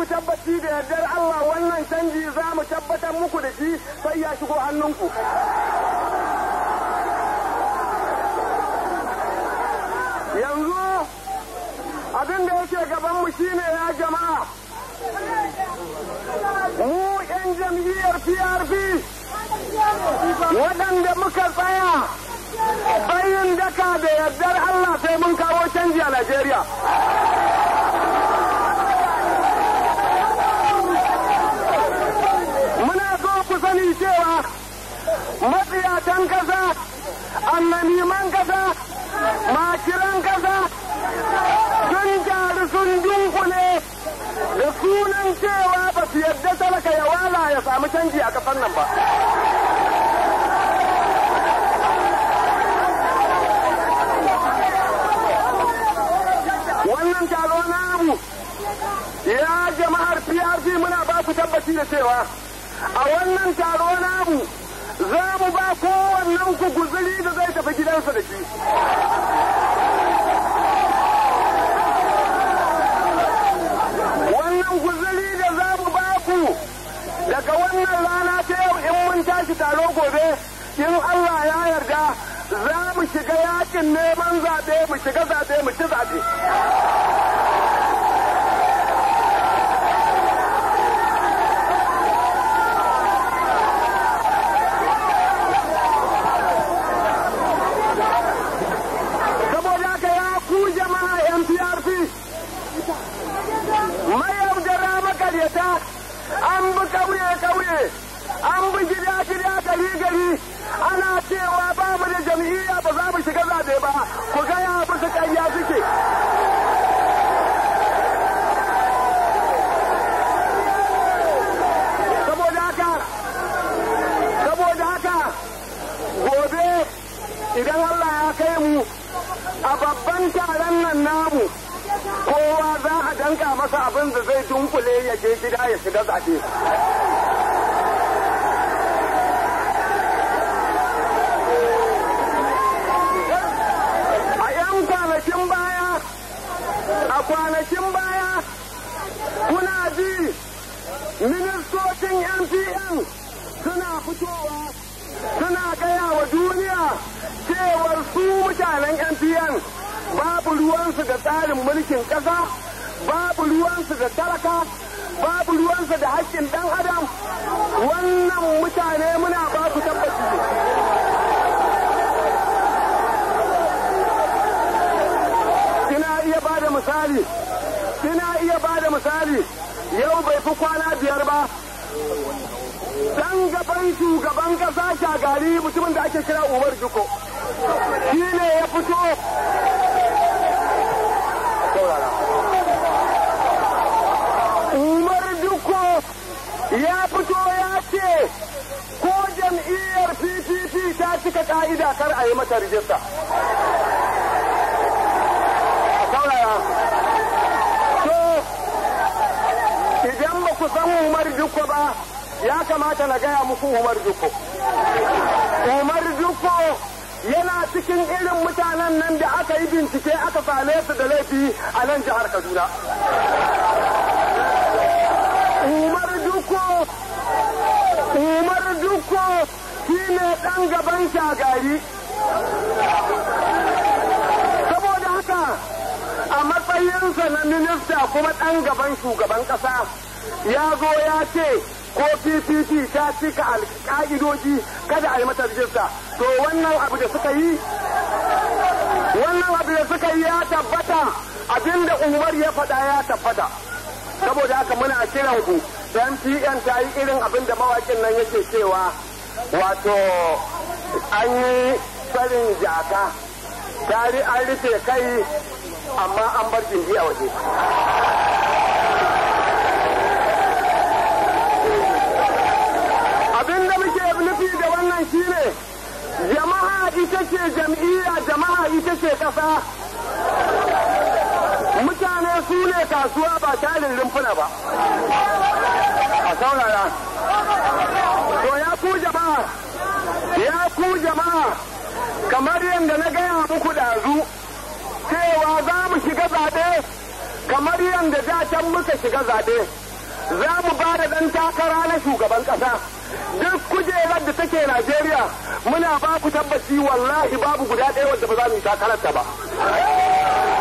ku tabbaci da yardar Allah wannan canji za mu tabbatar muku da shi sai ya shigo hannunku. Yanzu abin da yake gabanmu shine ya jama'a. Mu 'yan jam'iyyar PRP waɗanda muka tsaya bayin daka da yardar Allah sai mun kawo canji a Najeriya. ƙasar ba wannan taro namu ya jama'ar prc muna ba ku tabbaci da cewa a wannan taro namu za mu ba kowannen ku guzuri da zai tafi gidansa da shi wannan guzuri da za mu ba ku daga wannan rana tashi taro gobe in Allah ya yarda za mu shiga yakin neman zaɓe mu shiga zaɓe mu ci zaɓe. Mayaudara makaryata an bi kauye-kauye kai mu a babban taron nan namu kowa za a danka masa abin da zai dunkule ya je gida ya shiga zaɓe. mutanen NPN babu ruwansu da tsarin mulkin ƙasa, babu ruwansu da talaka, babu ruwansu da haƙƙin ɗan adam. Wannan mutane muna ba ku tabbaci. misali ina iya ba misali yau bai fi kwana biyar ba dan gaban shugaban ƙasa shagari mutumin da ake kira umar duko umar dukko ya fito ya ce ko jam'iyyar ppp ta cika ka'ida kar a yi mata rijista idan ba ku san umar dukko ba ya kamata na gaya muku umar dukko umar dukko yana cikin irin mutanen nan da aka yi bincike aka same su da laifi a nan jihar kaduna umar duko umar duko shi ne ɗan gaban shagari saboda haka a matsayinsa na minista kuma ɗan gaban shugaban ƙasa ya zo ya ce ko ppp ta cika alƙa'idoji kada a yi mata rijista to wannan abu da suka yi wannan abu da suka yi ya tabbata abinda umar ya faɗa ya tabbata saboda haka muna kiran ku da mpn ta yi irin abin da mawakin nan yake cewa wato an yi farin jaka tari an rufe kai amma an bar jinji a waje jam'iyya jama'a ita ce kasa mutane su ne kasuwa ba tarin rumfuna ba a saurara to ya ku jama'a ya ku jama'a kamar yadda na gaya muku ɗazu cewa za mu shiga zaɓe kamar yadda da can muka shiga zaɓe za mu ba da ɗan takara na shugaban ƙasa duk kujerar da take Najeriya muna ba ku tabbaci wallahi babu guda ɗaya wanda ba za mu yi takararta ba.